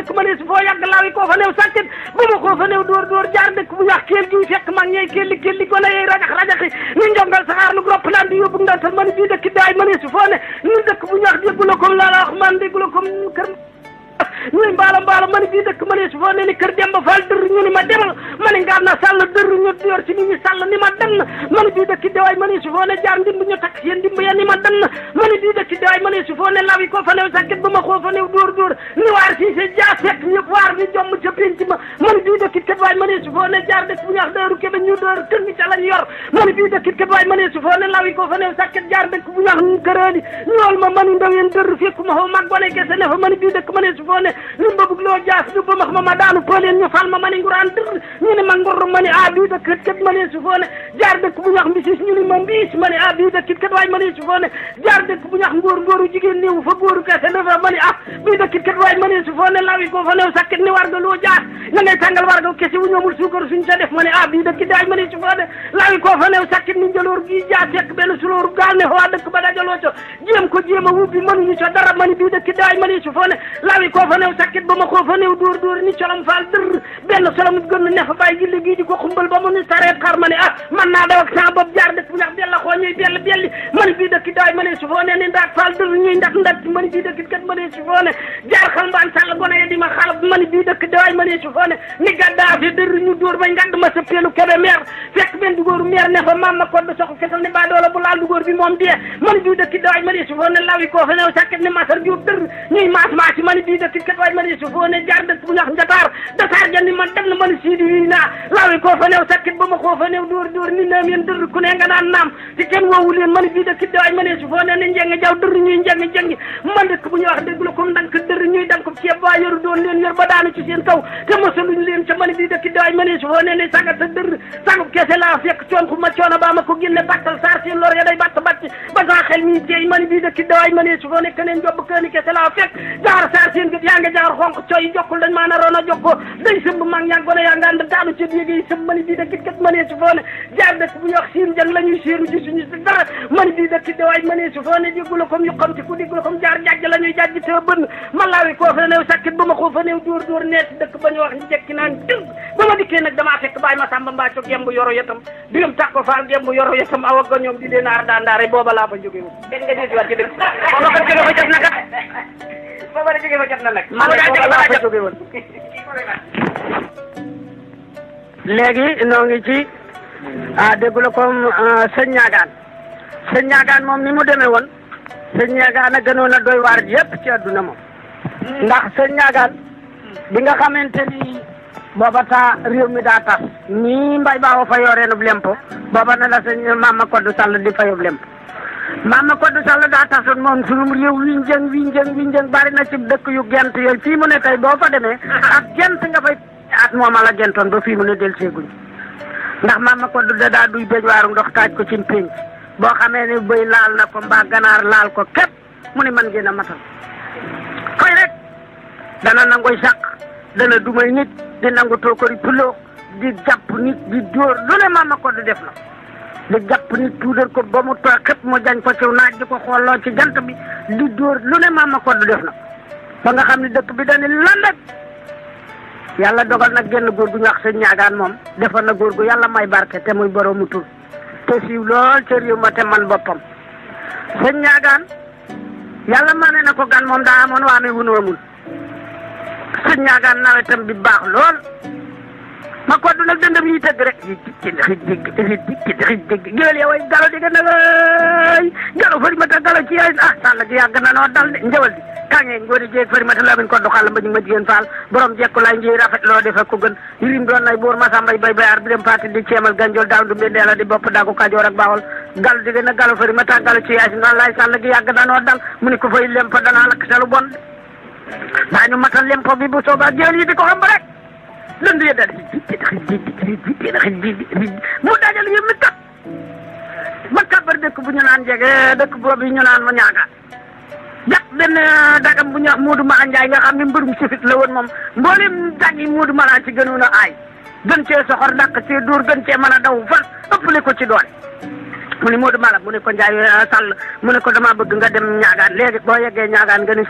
dëkk ma ne su fo yag laaw yi koo fa new sakit bu ma ko fa ya new dóor dóor jaar dëkk bu wax kéel gi fekk mag ñey kéelli kéelli gone yey rajax rajaxi ñu njongal saxaar lu roppalaan di yóbbu ngantal ma ne bii dëkk daay ma ne su fo ne ñun dekk bu ñu wax déggu la la wax man degg lu ko kër ñuy mbalam mbaala man bi dekk dëkk ma ne su fo ne ni kër Demba fal dër ñu ni ma demal ma ne ngaar na sàll dër ñu dior ci ni ñu sàll ni ma dann man bi dekk day dawaay ma ne su fo ne jaar ndimb ñu tak seen ndim ya ni ma dann man bi dekk day dawaay ma ne su fo ne law yi koo fa new valeur thermique a yor ma ne bii dëkkit kat waaye ma ne su foo ne lawi ko fa ne sàkket jaar dëkk bu wax gërëni ñool ma manu ma xaw mag gone gese ma ne bii dëkk ma ne su foo ne lim ba bug loo jaas lu ba max ma daanu foo leen ñu fal ma ma ne nguraan tër ñu ne ma ngor ma ne a bii dëkk kat ma ne su foone jaar dëkk bu ñax mbisis ñu ne ma mbiis ma a ah bii dëkk kat waay ma ne su foone jaar dëkk bu ñax ngóor ngóoru jigéen néew fa góoru kese dafa ma ne ah bii dëkk kat waay ma ne su foone lawi ko fa néew sakkat ni warga loo jaar na ngay tàngal warga kese wu a suukar dëkk daaj ma ne su ko fa néew sakkat ni co a dara ma ne bii daaj ma ne lawi ko fa ba ma koo fa néew dóor dóor ni Ibrahima Fall dër benn solo mu gën ne fa bàyyi julli gii di ko xumbal ba mu ni sareet xar ma ah man naa daw ak sama bopp jaar def ndax bella xoo ñuy bell belli man bii dëkki daay ma ne su foo xal mbaan sàll gone ya di xal man bii dëkk daay ma ne su ni gàddaa fi dër ñu dóor ba ngand ma sa kebe meer fekk benn dugóoru meer ne fa maam ma ko da sox fesal ne baa doola bu laal dugóor bi moom dee man bii dëkki daay ma ne su foo ne law yi koo fa ñëw sàkket ne masar jóob dër ñuy maas maas yi man dasaar janni man dem na man siidi wi naa laawi koo fa new sakkit ba ma koo fa new dóor dóor ni naam yéen dërr ku ne nga naan naam ci kenn woowu leen man bii da kit dawaaj ma ne su foo ne jaw dërr ñuy njeng njeng man dëkk bu ñu wax dégg la dërr ñuy dank ceeb ba yoru doon leen yor ba daanu ci seen kaw te ma ne su foo man bii da kit dawaaj ma ne su keneen jobb kër ni kese laa jaar saar seen gët yaa nga jaar xonq coy jokkul dañ maa naroon a ko dañ sëmb mag ñaan ko ne yaa ngaan da daanu ci yéegi sëmb mani di dëkk kat mane su foone jaar dëkk bu yox siin jang lañuy siiru ci suñu si dara mani di dëkk de waay mane su foone di gula kom yu xam ci ku di gula kom jaar jajj lañuy jajj te bënn ma laawi koo fa neew sakkit ba ma xoo fa neew dóor dóor neet dëkk ba ñu wax ñu jekki naan dëgg ba ma dikkee nag damaa fekk bàyyi ma sàmba mbaa cog yemb yoro faal yemb yoro awa ñoom di dee naar daandaare booba laa fa jóge wu kenn nga dee ci dëkk ba ma ko jóge fa jot na kat ma jot na nag ma la léegi noo ngi ci a ah, déggu la comme ah, sëñ ñaagaan sëñ ñaagaan moom ni mu demee woon sëñ ñaagaan a gënoon a doy waar yépp ci àdduna moom ndax sëñ ñaagaan bi nga xamante ni booba taa réew mi daa tas nii mbay baawo fa yoreenub lempo booba na la sëñ maama koddu sàll di fayub lempo maam Codé Sall daa tasoon moom sunum réew winjëng winjëng winjëng bari na ci dëkk yu gent yooyu fii mu ne tey boo fa demee ak gent nga fay at moom a la gentoon ba fii mu ne del seeguñ ndax maam Codé da daa duy béj waaru ndox taaj ko ci pénc boo xamee ne bëy laal na ko mbaa ganaar laal ko képp mu ne man ngeen a matal koy rek dana nangoy sàq dana dumay nit di nangu tookari puloo di jàpp nit di dóor lu ne maam Codé def la Sejak japp ni tudar ko ba mu toog xep mu jañ ko ciw naaj di ko xooloo ci jant bi di dóor lu ne maam ko du def na ba nga xam ne dëkk bi dani landat yàlla dogal nag genn góor gu ñu wax sëñ ñaagaan moom defal na góor gu yàlla may barke te muy boroomu tur te siiw lool ca réew ma te man boppam ñaagaan yàlla mane na ko gan moom daa amoon waame ñaagaan nawetam bi baax lool ma koddu nag dëndëm yi tëgg rek yi dikki xij dégg xij dikki xij dégg géwél yow ay galo di ga nagay galo farimata galo ci yaay ah sàll gi yàgg na noo ba ñu ma jigéen faal borom jekku laay njiy ko gën yirim doon nay buur masambay bay bayaar bi dem parti di ceemal ganjol daaw ndum de ndeela di bopp ak baawol galo di ga na galo farimata galo ci yaay naan laay sàll gi yàgg na noo dal mu ko fay lempa danaa lakk sa lu bon daañu matal lempo bi bu soobaa géwél yi di ko xam rek lënd ya dal mu dajal yi mi kat ba kabar dëkk bu ñu naan jege dëkk boobu ñu naan ma ñaaga jàpp benn dagam bu ñu muudu mara njaay nga xam ne mbërum sufit la woon moom mboolem dag yi muudu ci gënoon a gën cee soxor dàq cee dóor gën cee mën daw fas ëppale ko ci doole mu Modou Mala mu ko mu ko dama bëgg nga dem def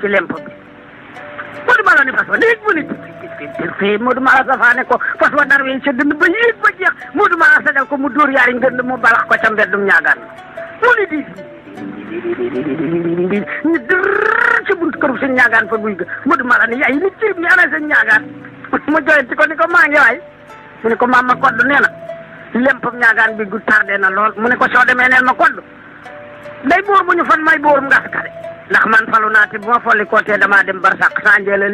ci lemp bi Modou Mala ni nit bu nit fii Modou Mara Safa ne ko fas wa dar wi ci dund ba yéeg ba jeex Modou Mara sajal ko mu dóor yaari ngënd mu balax ko ca mbeddum ñaagaan mu ni di ñu dër ci buntu këru seen ñaagaan fa guy ga Modou Mara ni yaay ni ciib ni ana seen ñaagaan mu joyet ko ni ko maa ngi waay mu ne ko maam ma kodd nee na lempam ñaagaan bi gu tardé na lool mu ne ko soo demee neen ma kodd day boor bu ñu fan may boorum ngas kare ndax man falu naa te bu ma folli kootee damaa dem barsàq saa njëla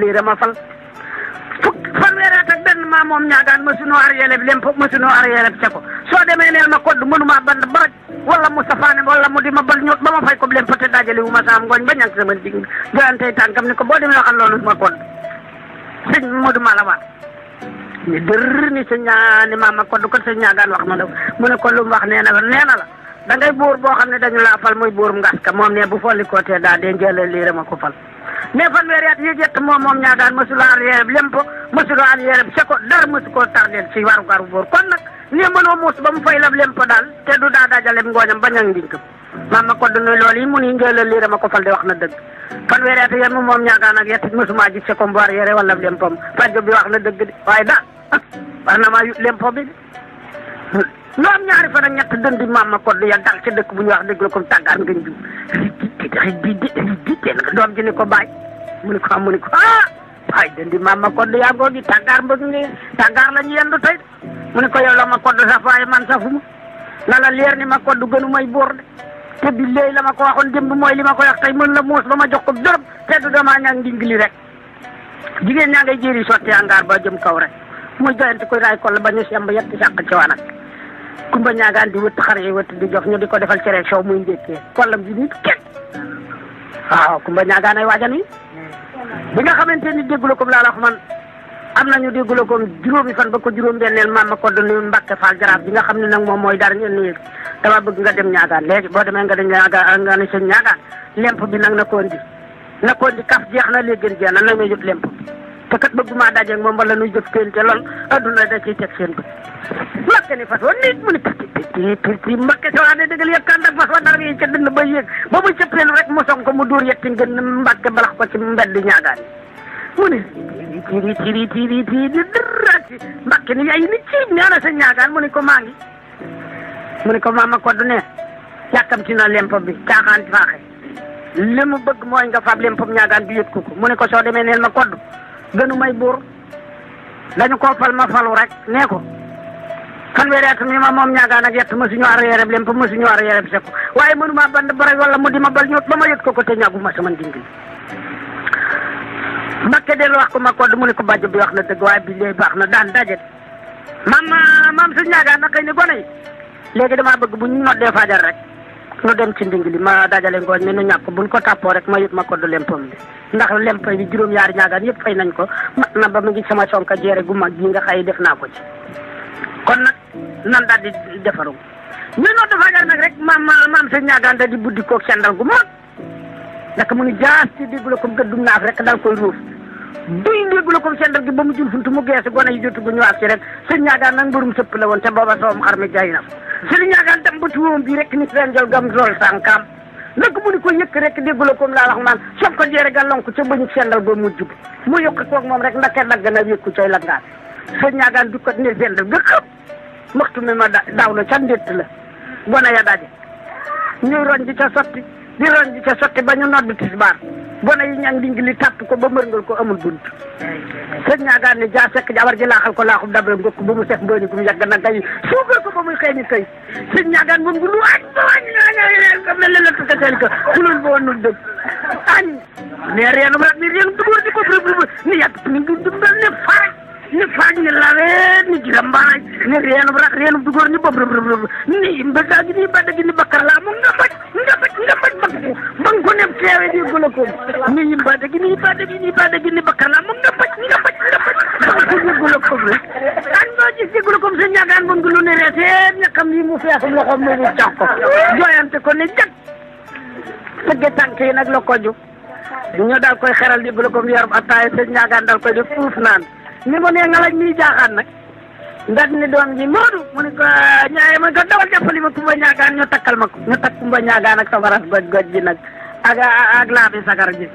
fanweeri at ak benn maa moom ñaagaan mësunoo ar yeleb lem foofu mësunoo ar yeleb ca ko soo demee neel ma kodd mënuma band baraj wala mu safaane wala mu di ma bal ñoot ba ma fay ko lem peut-être dajale wu ma saam ngooñ ba ñànk sama dig joyantey tànkam ni ko boo demee waxal loolu ma kodd sëñ Modou Malawan ni dër ni sa ñaani maama kodd ko sa ñaagaan wax na la mu ne ko lu mu wax nee na la da ngay buur boo xam dañu laa fal muy buurum ngas ka moom ne bu folli ko tee daa dee njëlee lii ko fal mais fanweeri at yi jett moom moom ñaagaan mësul aan yereb lempo mësul aan yereb seko dara mësu koo tardeel ci waru garu kon nag ne mënoo muus ba mu fay lab lempo daal te du daa dajalem ngooñam bañ ak ndinkam maam ma kodd nuy loolu yi mu ni ngëelal lii dama ko fal de wax na dëgg fanweeri at yéen moom ñaagaan ak yett mësumaa gis sekom bu war yere wala lempom fajjo bi wax na dëgg de waaye da war na maa lempo bi nga am ñaari fan ak ñett dënd maama kodd ya dal ca dëkk bu ñuy wax dëgg la comme tàggaan ngañ bi di di di di teel nga doom ji ni ko bàyyi mu ne ko xam mu ne ko ah waaye dëndi maama kodd yaa ngoo di tàggaar mbëgg ni tàggaar la ñu yendu tey mu ne ko yow la ma kodd saf waaye man safuma na la leer ni ma kodd gënu may boor de te bi léegi la ma ko waxoon démb mooy li ma ko wax tey mën la muus ba ma jox ko dërëm te du damaa ñaan ndingli rek jigéen ñaa ngay jéeri sotti angaar ba jëm kaw rek mu joyante koy raay koll ba ñu semb yett sàq ci wanag kumba ñaagaan di wëtt xar yi wëtt di jox ñu di ko defal cere soow muy ndékkee kollam ji nit kenn waaw kumba ñaagaan ay waajan yi bi nga xamante ni déggula ko laa la wax man am nañu déggula ko juróomi fan ba ko juróom benneel maam ma ko doon Mbàkke Faal jaraaf bi nga xam ne nag moom mooy dara ñeen ni dama bëgg nga dem ñaagaan léegi boo demee nga dem ñaagaan nga ne seen ñaagaan lemp bi nag na ko indi na ko indi kaf jeex na léegi jeex na nag may yëpp lemp te kat bëgguma dajeeg moom wala nu jëf kenn te lool adduna da ciy teg seen bët ni fas wa nit mu ni tati tati tati makke soo àndee dëggal yëkkaan ak fas wa dara yi ca dënn ba yéeg ba muy cëppeelu rek mu song ko mu dóor yetti ngën mbàkke balax ko ci mbedd ñaagaan yi mu ne tiri tiri tiri tiri dërra ci mbakke ni yaay ni ci ñaana sa ñaagaan mu ne ko maa ngi mu ne ko maama ko du ne yàkkamti na lempo bi caaxaan faaxe li mu bëgg mooy nga faab lempom ñaagaan bi yët ko ko mu ne ko soo demee neel ma koddu gënu may buur dañu ko fal ma falu rek nee ko fanweeri at mi ma moom ñaagaan ak yett mësuñu arrière lem pa mësuñu arrière sekku waaye mënuma band bare wala mu di ma bal ñoot ba ma yët ko ko te ñaaguma sama ndingil Mbakke dellu wax ko ma kodd mu ne ko bàjjo bi wax na dëgg waaye bi lee baax na daan daje maam maam suñu ñaagaan na kay ni gone yi léegi damaa bëgg bu ñu noddee fajar rek nu dem ci nding li ma dajale ngooñ mi nu bu buñ ko tàppoo rek ma yëpp ma koddu lempam bi ndax lemp bi juróom-yaari ñaagaan yëpp fay nañ ko mat na ba mu ngi sama sonka jeere gu mag gi nga xay def naa ko ci kon nag nan daal di defaru ñu noo dafagar nag rek maam maam seen ñaagaan da di buddi koog sendal gu mag naka mu ngi jaas ci déglu ko gëddum naaf rek dal koy ruuf duy ndéeglu ko sendal gi ba mu jul funtu mu geesu gone yi jotu gu ñu ak si rek sëñ ñaagaan nag mbërum sëpp la woon te booba soom xar mi jaay na sëñ ñaagaan tam ba tuwoom bi rek ni fenjal gam lool sànkaam nag mu ni ko yëkk rek déggula kom laa wax man soog ko jeere gàllonk ca bëñu sendal ba mu jub mu yokk koog moom rek ndake dagg coy la ngaan sëñ du ko ne sendal ga xëpp maxtu ma daaw la ca ndett la gone a daje ñuy roñ di ca sotti di ron ji ca sotti ba ñu nodd tisbaar gone yi ñang dingi li ko ba mërngal ko amul bunt sëñ ñaagaan ne jaa sekk jabar ji laaxal ko laaxum dabram ngokk ba mu sef mbëni gum yàgg na ngay suugal ko ba muy xëy ni kay sëñ ñaagaan moom bu lu añ ba wañ ñaanal ko mel la ko teel ko kulul ba wonul dëgg añ ne reenu ma ni reenu dugóor di ko bërëb ni ni dundal ni faj ni lawe ni jilambana ni riyan brak riyan dugur ni bob bob bob ni imbaga gini bada gini bakar lamu ngabat ngabat ngabat bang ko nem tewe di gulo ko ni imbaga gini bada gini bada gini bakar lamu ngabat ngabat ngabat bang ko ni gulo ko kan do ci ci gulo ko se nyagan bon gulo ne rete nyakam ni mu fexum lo xam ni tax ko joyante ko ne jak tegge tanke nak lo ko ju ñu dal koy xeral di gulo ko yor ataay se nyagan dal koy def fuuf naan ni mu nee nga laaj mi jaaxaan nag ndax ni doom ji Modou mu ka ko ñaaye mu ne ko dawal jàppali ma Kumba Ñaagaan ñu takkal ma ko ñu takk Kumba Ñaagaan ak sabaras goj goj ji nag ak ak laabi sagar ji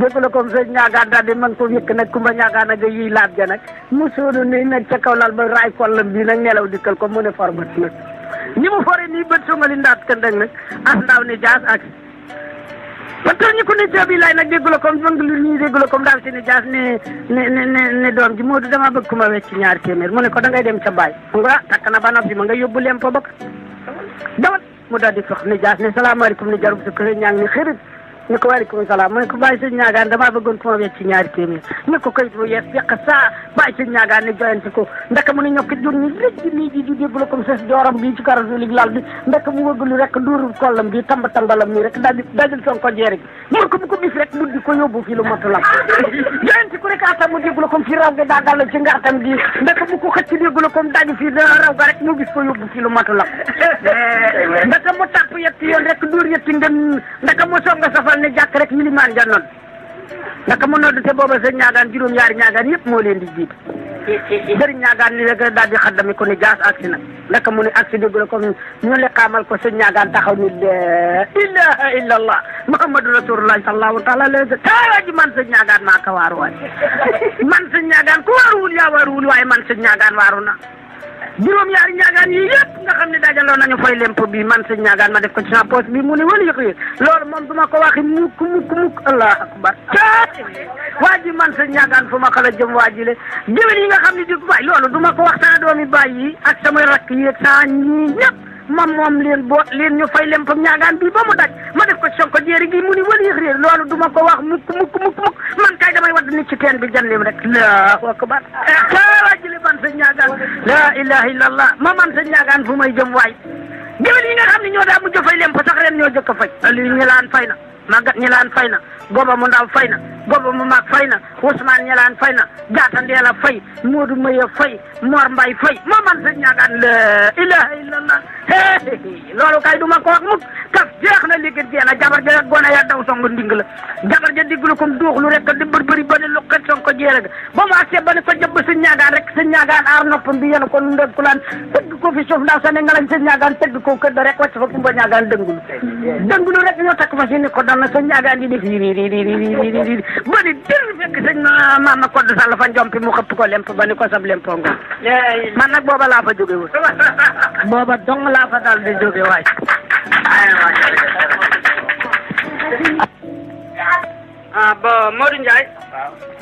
dégg la comme sëñ ñaagaan daal di man ko yëkk nag Kumba Ñaagaan ak yiy laab ja nag mu sóodu ni nag ca kaw lal ba raay kollam bi nag nelaw dikkal ko mu ne for bët nag ñi mu fore nii bët songali ndaat këndëng nag as ndaw ni jaas ak ba tax ñu ko ne sëñ bi laay nag déggu la comme man lu ñuy déggu la comme daal i jaas ne ne ne ne doom ji Modou dama bëgg ku ma wecc ci ñaari téeméer mu ne ko dangay dem ca Baye. xam ah, nga takk na ba noppi ma nga yóbbu lempo ba dawal mu daal di sox ne jaas ne salaamaaleykum ne jarul sa kër ñaa ngi ne xërit ñu ko a salaam mu ne ko bàyyi sëñ ñaagaan damaa bëggoon ku ma wecc ci ñaari téeméer ñu ko kayit bu yees yàq saa bàyyi sëñ ñaagaan ne joyante ko ndaka mu ne ñokki jur ñi léegi nii ji di débla comme ses dooram bi ci karasulig lal bi ndaka mu wëggalu rek duuru kollam bi tamba tambalam nii rek daal di dajal ko jeerig mën ko ko bis rek mu di ko yóbbu fii lu motu lam joyante ko rek atam mu débla comme fii raw ga daa dal ci ngaatam gi ndaka bu ko xëcc débla comme ko mu tàpp toll ne jàkk rek milimaan ja nodd naka mu nodd te booba sa ñaagaan juróom yaari ñaagaan yëpp moo leen di jiit jëriñ ñaagaan ni rek daal di xaddami ko ni jaas agsi na naka mu ne agsi dégg la ko ñu le xaamal ko sa ñaagaan taxaw ni la ilaha illa allah muhammadu rasulullah sallallahu taala alayhi wa taala ji man sa ñaagaan maa ko waaru waay man sa ñaagaan ku waaruwul yaa waaruwul waaye man sa ñaagaan waaru na juróom-ñaari ñaagaan yi yëpp nga xam ne dajaloo nañu fay lempo bi man sëñ ñaagaan ma def ko ci sama poche bi mu ne wala yëg yëg loolu moom du ma ko waxi mukk mukk mukk allah akbar waa ji man sëñ ñaagaan fu ma xala jëm waa ji le jëwén yi nga xam ne di ko bàyyi loolu du ko wax sama doomi bàyyi ak samay rakk yi ak saa ñii ñëpp moom moom leen boo leen ñu fay lempam ñaagaan bi ba mu daj ma def ko sonko jéeri gi mu ni wëliix réer loolu duma ko wax mukk mukk mukk mukk man kay damay wadd nit ci teen bi janlim rek allahu akbar wajjile man sëñ ñaagaan la ilaha illallah ma man sëñ ñaagaan fu may jëm waay géwél yi nga xam ne ñoo daa mujj fay lemp sax ren ñoo jëkk fay li ñu laan fay na magat ñilan fayna na mu ndaw fayna na mu mag fayna usman ñilan fayna fay na jaata ndeela fay moodu may fay mor mbay fay mo man sa ñagan la ilaha illallah lolu kay duma ko wax mut kaf jeex na ligit jeena jabar ja gona ya daw songu nding la jabar ja diglu kum dox lu rek di bërbëri bane lu xet ko jeela ga bane fa jeb sa ñagan rek sa ñagan ar nopp bi yenu ko lan tëgg ko fi sof ndaw sa ne ngalañ sa ñagan tegg ko rek wacc fa kumba ñagan dëngulu dëngulu rek ñoo tak fa ko nana so jagandi ɗi ririririririri boni dirfek mama koddo sallah fan jompi mo xëpp ko lemp bani ko sab lempo ngam ya, ya. man nag booba laa fa jóge wut booba dong laa fa dal di jóge waay ba Modou Ndiaye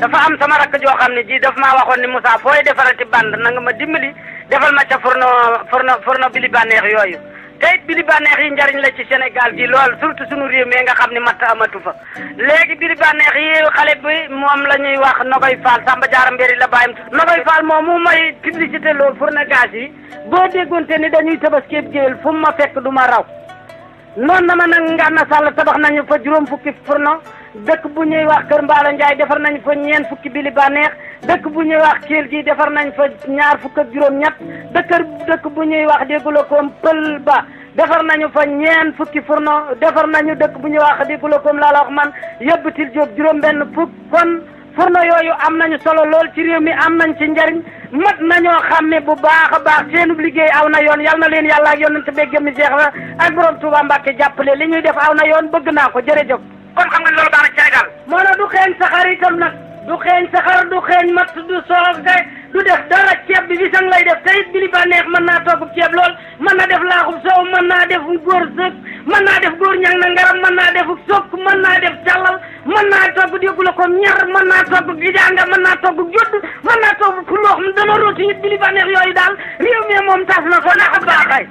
dafa am sama rakk joo xam ne ji daf maa waxoon ni Moussa fooy defarati band na nga ma dimbali defal ma ca fourno fourno fourno bili bànneex yooyu te biri bànneex yi njariñ la ci Sénégal gi lool surtout sunu réew mi nga xam ne matt amatu fa léegi biri bànneex yi xale bi moom la ñuy wax Nogoy Fall Samba Diarra Mbéri la bàyyam Nogoy Fall moom mu may publicité loo fourne gaz yi boo déggoonte ni dañuy tabaskeeb géwél fu mu ma fekk duma ma raw noonu na ma nag Ngana Sall tabax nañu fa juróom fukki fourneau dëkk bu ñuy wax Kër Mbaala Ndiaye defar nañ fa ñeen fukki bili bànneex dëkk bu ñuy wax Kelle gi defar nañ fa ñaar fukk ak juróom-ñett dëkk dëkk bu ñuy wax déggula koom Pël Ba defar nañu fa ñeen fukki furno defar nañu dëkk bu ñuy wax déggula koom laa la wax man yëbbatil jóob juróom-benn fukk kon furno yooyu am nañu solo lool ci réew mi am nañ ci njariñ mat nañoo xàmme bu baax a baax seenub liggéey aw na yoon yal na leen yàlla ak yonent bi gëm mi jeex la ak borom Touba jàppale li ñuy def aw na yoon bëgg naa ko jërëjëf. kon xam nga loolu baax na ci Sénégal. moo ne du xeeñ saxar itam nag du xeeñ saxar du xeeñ matt du soof de. du def dara ceeb bi wisang lay def te it bi mën naa toggub ceeb lool mën na def laaxub soow mën naa def góor sëg mën naa def góor ñang na ngaram mën naa def sokk mën naa def càllal mën naa togg déggu la ko ñar mën naa togg gidaanga mën naa togg jodd mën naa togg puloox dana rooti it bi li ba yooyu daal réew mi moom tas na ko ndax a baaxay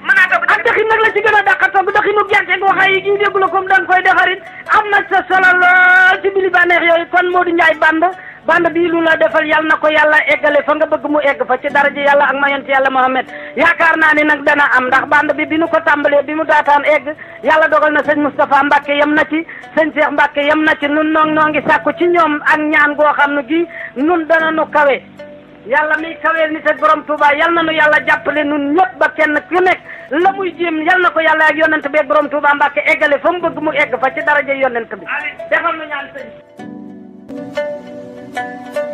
ak daxin nag la ci gën a dàq togg daxinu gerte goo xay yi déggu la ko danga koy defarit am na sa solo lool ci bi li ba neex yooyu band bii lu la defal yal na ko yàlla eggale fa nga bëgg mu egg fa ci daraja yàlla ak mayant yàlla Mohamed yaakaar naa ni nag dana am ndax band bi bi nu ko tàmbalee bi mu daataan egg yàlla dogal na sëñ Moustapha Mbacke yem na ci sëñ Cheikh Mbacke yem na ci nun noo noo ngi sàkku ci ñoom ak ñaan goo xam ne gii nun dana nu kawe yàlla mi kaweel ni te borom Touba yal na nu yàlla jàppale nun ñëpp ba kenn ku nekk la muy jéem yal na ko yàlla ak yonent bi borom Touba Mbacke eggale fa mu bëgg mu egg fa Música